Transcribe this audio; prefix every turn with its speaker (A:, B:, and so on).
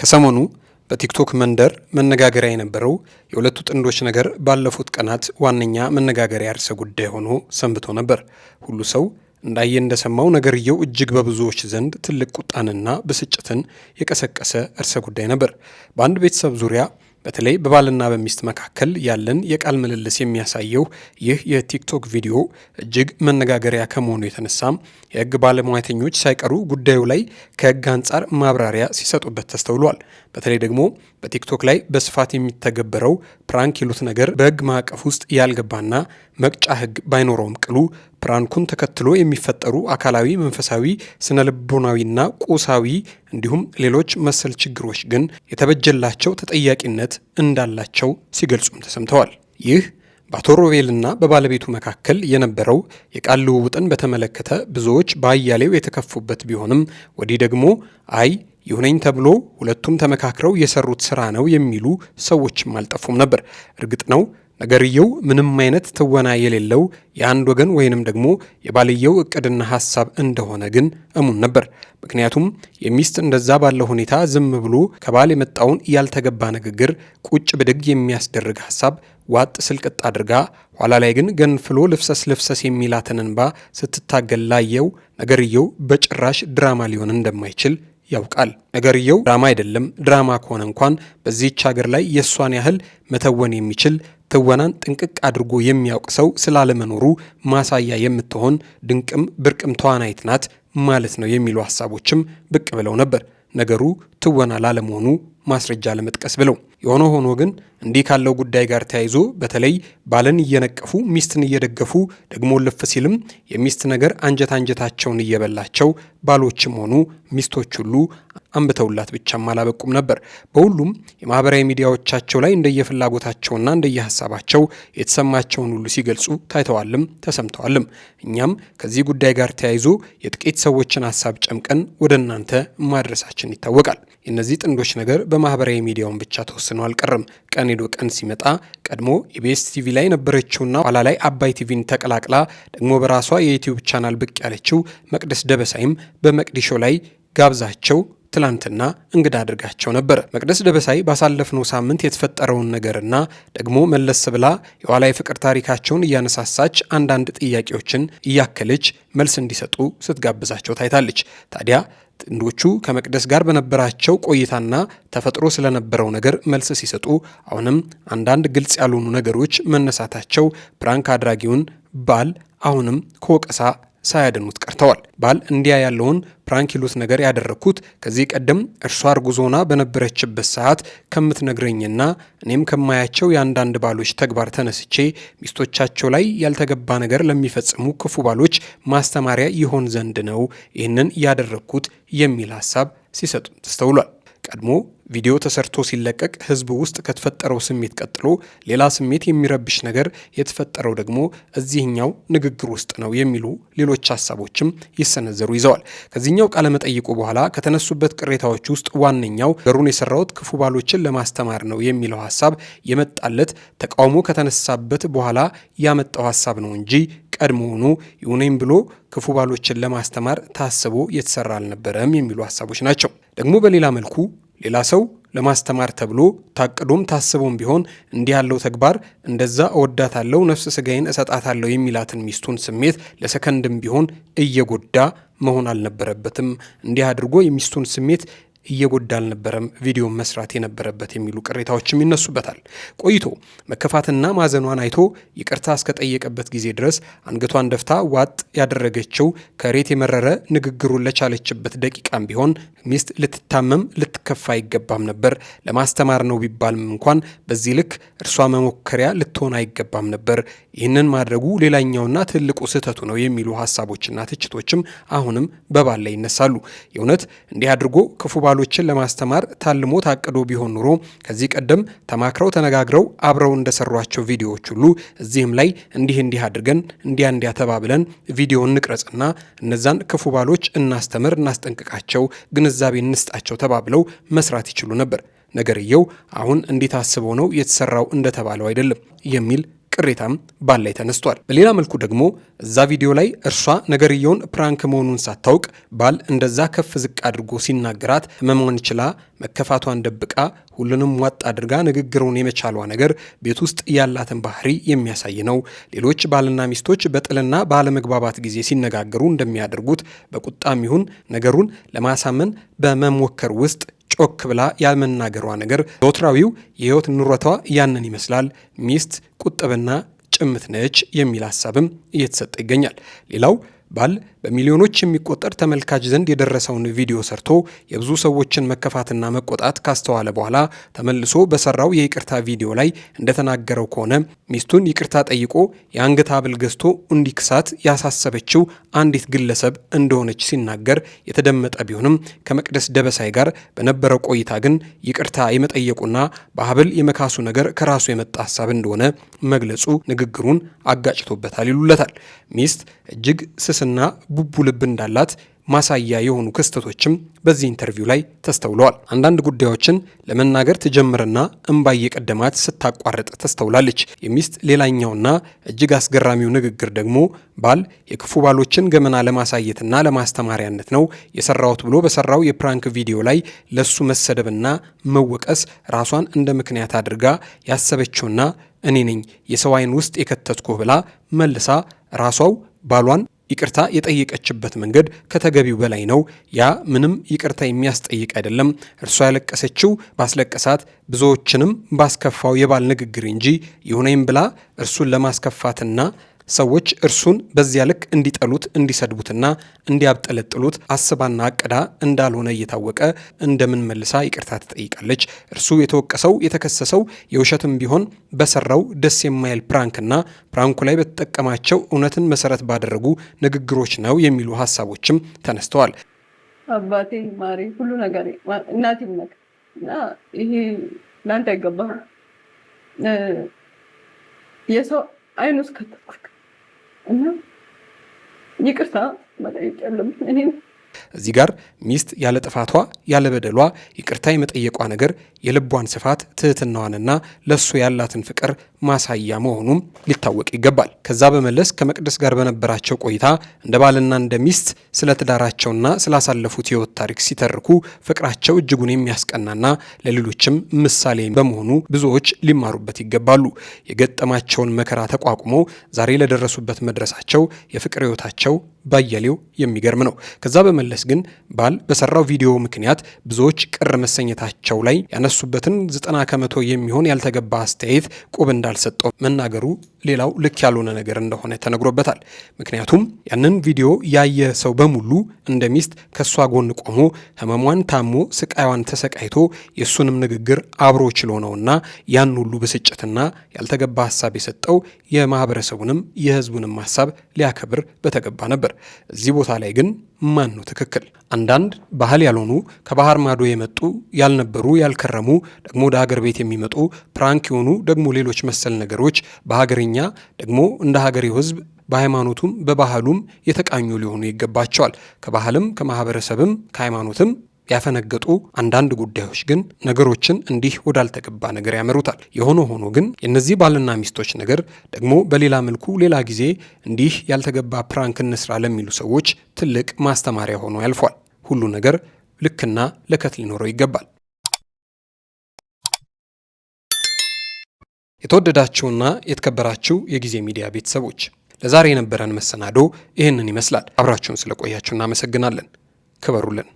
A: ከሰሞኑ በቲክቶክ መንደር መነጋገሪያ የነበረው የሁለቱ ጥንዶች ነገር ባለፉት ቀናት ዋነኛ መነጋገሪያ ርዕሰ ጉዳይ ሆኖ ሰንብቶ ነበር። ሁሉ ሰው እንዳየ እንደሰማው ነገርየው እጅግ በብዙዎች ዘንድ ትልቅ ቁጣንና ብስጭትን የቀሰቀሰ ርዕሰ ጉዳይ ነበር። በአንድ ቤተሰብ ዙሪያ በተለይ በባልና በሚስት መካከል ያለን የቃል ምልልስ የሚያሳየው ይህ የቲክቶክ ቪዲዮ እጅግ መነጋገሪያ ከመሆኑ የተነሳም የህግ ባለሙያተኞች ሳይቀሩ ጉዳዩ ላይ ከህግ አንጻር ማብራሪያ ሲሰጡበት ተስተውሏል። በተለይ ደግሞ በቲክቶክ ላይ በስፋት የሚተገበረው ፕራንክ ይሉት ነገር በህግ ማዕቀፍ ውስጥ ያልገባና መቅጫ ህግ ባይኖረውም ቅሉ ፕራንኩን ተከትሎ የሚፈጠሩ አካላዊ፣ መንፈሳዊ፣ ስነ ልቦናዊና ቁሳዊ እንዲሁም ሌሎች መሰል ችግሮች ግን የተበጀላቸው ተጠያቂነት እንዳላቸው ሲገልጹም ተሰምተዋል። ይህ በአቶ ሮቤልና በባለቤቱ መካከል የነበረው የቃል ልውውጥን በተመለከተ ብዙዎች በአያሌው የተከፉበት ቢሆንም ወዲህ ደግሞ አይ ይሁነኝ ተብሎ ሁለቱም ተመካክረው የሰሩት ስራ ነው የሚሉ ሰዎችም አልጠፉም ነበር። እርግጥ ነው ነገርየው ምንም አይነት ትወና የሌለው የአንድ ወገን ወይንም ደግሞ የባልየው እቅድና ሀሳብ እንደሆነ ግን እሙን ነበር። ምክንያቱም የሚስት እንደዛ ባለ ሁኔታ ዝም ብሎ ከባል የመጣውን ያልተገባ ንግግር፣ ቁጭ ብድግ የሚያስደርግ ሀሳብ ዋጥ ስልቅጥ አድርጋ ኋላ ላይ ግን ገንፍሎ ልፍሰስ ልፍሰስ የሚላትን እንባ ስትታገል ላየው ነገርየው በጭራሽ ድራማ ሊሆን እንደማይችል ያውቃል። ነገርየው ድራማ አይደለም። ድራማ ከሆነ እንኳን በዚህች ሀገር ላይ የእሷን ያህል መተወን የሚችል ትወናን ጥንቅቅ አድርጎ የሚያውቅ ሰው ስላለመኖሩ ማሳያ የምትሆን ድንቅም ብርቅም ተዋናይት ናት ማለት ነው የሚሉ ሀሳቦችም ብቅ ብለው ነበር። ነገሩ ትወና ላለመሆኑ ማስረጃ ለመጥቀስ ብለው። የሆነ ሆኖ ግን እንዲህ ካለው ጉዳይ ጋር ተያይዞ በተለይ ባልን እየነቀፉ ሚስትን እየደገፉ ደግሞ ልፍ ሲልም የሚስት ነገር አንጀት አንጀታቸውን እየበላቸው ባሎችም ሆኑ ሚስቶች ሁሉ አንብተውላት ብቻም አላበቁም ነበር። በሁሉም የማህበራዊ ሚዲያዎቻቸው ላይ እንደየፍላጎታቸውና እንደየሀሳባቸው የተሰማቸውን ሁሉ ሲገልጹ ታይተዋልም ተሰምተዋልም። እኛም ከዚህ ጉዳይ ጋር ተያይዞ የጥቂት ሰዎችን ሀሳብ ጨምቀን ወደ እናንተ ማድረሳችን ይታወቃል። የእነዚህ ጥንዶች ነገር በ በማህበራዊ ሚዲያውን ብቻ ተወስኖ አልቀርም። ቀን ሄዶ ቀን ሲመጣ ቀድሞ ኢቢኤስ ቲቪ ላይ የነበረችውና ኋላ ላይ አባይ ቲቪን ተቀላቅላ ደግሞ በራሷ የዩትዩብ ቻናል ብቅ ያለችው መቅደስ ደበሳይም በመቅዲሾ ላይ ጋብዛቸው ትላንትና እንግዳ አድርጋቸው ነበር። መቅደስ ደበሳይ ባሳለፍነው ሳምንት የተፈጠረውን ነገርና ደግሞ መለስ ብላ የኋላ የፍቅር ታሪካቸውን እያነሳሳች አንዳንድ ጥያቄዎችን እያከለች መልስ እንዲሰጡ ስትጋብዛቸው ታይታለች። ታዲያ ጥንዶቹ ከመቅደስ ጋር በነበራቸው ቆይታና ተፈጥሮ ስለነበረው ነገር መልስ ሲሰጡ አሁንም አንዳንድ ግልጽ ያልሆኑ ነገሮች መነሳታቸው ፕራንክ አድራጊውን ባል አሁንም ከወቀሳ ሳያድኑት ቀርተዋል። ባል እንዲያ ያለውን ፕራንክ ይሉት ነገር ያደረግኩት ከዚህ ቀደም እርሷ እርጉዞና በነበረችበት ሰዓት ከምትነግረኝና እኔም ከማያቸው የአንዳንድ ባሎች ተግባር ተነስቼ ሚስቶቻቸው ላይ ያልተገባ ነገር ለሚፈጽሙ ክፉ ባሎች ማስተማሪያ ይሆን ዘንድ ነው ይህንን ያደረግኩት የሚል ሀሳብ ሲሰጡ ተስተውሏል። ቀድሞ ቪዲዮ ተሰርቶ ሲለቀቅ ህዝብ ውስጥ ከተፈጠረው ስሜት ቀጥሎ ሌላ ስሜት የሚረብሽ ነገር የተፈጠረው ደግሞ እዚህኛው ንግግር ውስጥ ነው የሚሉ ሌሎች ሀሳቦችም ይሰነዘሩ ይዘዋል። ከዚህኛው ቃለ መጠይቁ በኋላ ከተነሱበት ቅሬታዎች ውስጥ ዋነኛው ገሩን የሰራሁት ክፉ ባሎችን ለማስተማር ነው የሚለው ሀሳብ የመጣለት ተቃውሞ ከተነሳበት በኋላ ያመጣው ሀሳብ ነው እንጂ ቀድሞውኑ ይሁኔም ብሎ ክፉ ባሎችን ለማስተማር ታስቦ የተሰራ አልነበረም የሚሉ ሀሳቦች ናቸው። ደግሞ በሌላ መልኩ ሌላ ሰው ለማስተማር ተብሎ ታቅዶም ታስቦም ቢሆን እንዲህ ያለው ተግባር እንደዛ እወዳታለሁ፣ ነፍስ ስጋዬን እሰጣታለሁ የሚላትን ሚስቱን ስሜት ለሰከንድም ቢሆን እየጎዳ መሆን አልነበረበትም። እንዲህ አድርጎ የሚስቱን ስሜት እየጎዳ አልነበረም ቪዲዮን መስራት የነበረበት የሚሉ ቅሬታዎችም ይነሱበታል። ቆይቶ መከፋትና ማዘኗን አይቶ ይቅርታ እስከጠየቀበት ጊዜ ድረስ አንገቷን ደፍታ ዋጥ ያደረገችው ከሬት የመረረ ንግግሩን ለቻለችበት ደቂቃም ቢሆን ሚስት ልትታመም ልትከፋ አይገባም ነበር። ለማስተማር ነው ቢባልም እንኳን በዚህ ልክ እርሷ መሞከሪያ ልትሆን አይገባም ነበር። ይህንን ማድረጉ ሌላኛውና ትልቁ ስህተቱ ነው የሚሉ ሀሳቦችና ትችቶችም አሁንም በባል ላይ ይነሳሉ። የእውነት እንዲህ አድርጎ ክፉ ባሉ አባሎችን ለማስተማር ታልሞ ታቅዶ ቢሆን ኑሮ ከዚህ ቀደም ተማክረው ተነጋግረው አብረው እንደሰሯቸው ቪዲዮዎች ሁሉ እዚህም ላይ እንዲህ እንዲህ አድርገን እንዲያ እንዲያ ተባብለን ቪዲዮ እንቅረጽና እነዛን ክፉ ባሎች እናስተምር፣ እናስጠንቅቃቸው፣ ግንዛቤ እንስጣቸው ተባብለው መስራት ይችሉ ነበር። ነገርየው አሁን እንዴት አስበው ነው የተሰራው እንደተባለው አይደለም የሚል ቅሬታም ባል ላይ ተነስቷል። በሌላ መልኩ ደግሞ እዛ ቪዲዮ ላይ እርሷ ነገርየውን ፕራንክ መሆኑን ሳታውቅ ባል እንደዛ ከፍ ዝቅ አድርጎ ሲናገራት ህመሟን ችላ መከፋቷን ደብቃ ሁሉንም ዋጥ አድርጋ ንግግሩን የመቻሏ ነገር ቤት ውስጥ ያላትን ባህሪ የሚያሳይ ነው። ሌሎች ባልና ሚስቶች በጥልና ባለመግባባት ጊዜ ሲነጋገሩ እንደሚያደርጉት በቁጣም ይሁን ነገሩን ለማሳመን በመሞከር ውስጥ ጮክ ብላ ያለመናገሯ ነገር በወትራዊው የህይወት ኑረቷ ያንን ይመስላል። ሚስት ቁጥብና ጭምት ነች የሚል ሀሳብም እየተሰጠ ይገኛል። ሌላው ባል በሚሊዮኖች የሚቆጠር ተመልካች ዘንድ የደረሰውን ቪዲዮ ሰርቶ የብዙ ሰዎችን መከፋትና መቆጣት ካስተዋለ በኋላ ተመልሶ በሰራው የይቅርታ ቪዲዮ ላይ እንደተናገረው ከሆነ ሚስቱን ይቅርታ ጠይቆ የአንገት ሐብል ገዝቶ እንዲክሳት ያሳሰበችው አንዲት ግለሰብ እንደሆነች ሲናገር የተደመጠ ቢሆንም ከመቅደስ ደበሳይ ጋር በነበረው ቆይታ ግን ይቅርታ የመጠየቁና በሐብል የመካሱ ነገር ከራሱ የመጣ ሀሳብ እንደሆነ መግለጹ ንግግሩን አጋጭቶበታል ይሉለታል። ሚስት እጅግ ስስና ቡቡ ልብ እንዳላት ማሳያ የሆኑ ክስተቶችም በዚህ ኢንተርቪው ላይ ተስተውለዋል። አንዳንድ ጉዳዮችን ለመናገር ትጀምርና እንባ እየቀደማት ስታቋርጥ ተስተውላለች። የሚስት ሌላኛውና እጅግ አስገራሚው ንግግር ደግሞ ባል የክፉ ባሎችን ገመና ለማሳየትና ለማስተማሪያነት ነው የሰራሁት ብሎ በሰራው የፕራንክ ቪዲዮ ላይ ለሱ መሰደብና መወቀስ ራሷን እንደ ምክንያት አድርጋ ያሰበችውና እኔ ነኝ የሰው አይን ውስጥ የከተትኩ ብላ መልሳ ራሷው ባሏን ይቅርታ የጠየቀችበት መንገድ ከተገቢው በላይ ነው። ያ ምንም ይቅርታ የሚያስጠይቅ አይደለም። እርሷ ያለቀሰችው ባስለቀሳት ብዙዎችንም ባስከፋው የባል ንግግር እንጂ ይሁነይም ብላ እርሱን ለማስከፋትና ሰዎች እርሱን በዚያ ልክ እንዲጠሉት እንዲሰድቡትና እንዲያብጠለጥሉት አስባና አቅዳ እንዳልሆነ እየታወቀ እንደምን መልሳ ይቅርታ ትጠይቃለች? እርሱ የተወቀሰው የተከሰሰው የውሸትም ቢሆን በሰራው ደስ የማይል ፕራንክና ፕራንኩ ላይ በተጠቀማቸው እውነትን መሰረት ባደረጉ ንግግሮች ነው የሚሉ ሀሳቦችም ተነስተዋል።
B: አባቴ ማሪ፣ ሁሉ ነገር እናቴ ነህ እና ይሄ ለአንተ አይገባም የሰው አይኑ እና ይቅርታ መጠየቅ ያለብን እኔ
A: እዚህ ጋር ሚስት ያለ ጥፋቷ ያለ በደሏ ይቅርታ የመጠየቋ ነገር የልቧን ስፋት ትህትናዋንና ለሱ ያላትን ፍቅር ማሳያ መሆኑም ሊታወቅ ይገባል። ከዛ በመለስ ከመቅደስ ጋር በነበራቸው ቆይታ እንደ ባልና እንደ ሚስት ስለ ትዳራቸውና ስላሳለፉት ሕይወት ታሪክ ሲተርኩ ፍቅራቸው እጅጉን የሚያስቀናና ለሌሎችም ምሳሌ በመሆኑ ብዙዎች ሊማሩበት ይገባሉ። የገጠማቸውን መከራ ተቋቁመው ዛሬ ለደረሱበት መድረሳቸው የፍቅር ሕይወታቸው ባያሌው የሚገርም ነው። ከዛ በመለስ ግን ባል በሰራው ቪዲዮ ምክንያት ብዙዎች ቅር መሰኘታቸው ላይ ያነሱበትን ዘጠና ከመቶ የሚሆን ያልተገባ አስተያየት ቁብ እንዳልሰጠው መናገሩ ሌላው ልክ ያልሆነ ነገር እንደሆነ ተነግሮበታል። ምክንያቱም ያንን ቪዲዮ ያየ ሰው በሙሉ እንደ ሚስት ከእሷ ጎን ቆሞ ህመሟን ታሞ ስቃይዋን ተሰቃይቶ የእሱንም ንግግር አብሮ ችሎ ነውና ያን ሁሉ ብስጭትና ያልተገባ ሀሳብ የሰጠው የማህበረሰቡንም የህዝቡንም ሀሳብ ሊያከብር በተገባ ነበር። እዚህ ቦታ ላይ ግን ማን ነው ትክክል? አንዳንድ ባህል ያልሆኑ ከባህር ማዶ የመጡ ያልነበሩ ያልከረሙ ደግሞ ወደ ሀገር ቤት የሚመጡ ፕራንክ የሆኑ ደግሞ ሌሎች መሰል ነገሮች በሀገርኛ ደግሞ እንደ ሀገሬው ህዝብ በሃይማኖቱም በባህሉም የተቃኙ ሊሆኑ ይገባቸዋል። ከባህልም ከማህበረሰብም ከሃይማኖትም ያፈነገጡ አንዳንድ ጉዳዮች ግን ነገሮችን እንዲህ ወዳልተገባ ነገር ያመሩታል። የሆነ ሆኖ ግን የእነዚህ ባልና ሚስቶች ነገር ደግሞ በሌላ መልኩ ሌላ ጊዜ እንዲህ ያልተገባ ፕራንክ እንስራ ለሚሉ ሰዎች ትልቅ ማስተማሪያ ሆኖ ያልፏል። ሁሉ ነገር ልክና ለከት ሊኖረው ይገባል። የተወደዳችሁና የተከበራችሁ የጊዜ ሚዲያ ቤተሰቦች ለዛሬ የነበረን መሰናዶ ይህንን ይመስላል። አብራችሁን ስለቆያችሁ እናመሰግናለን። ክበሩልን።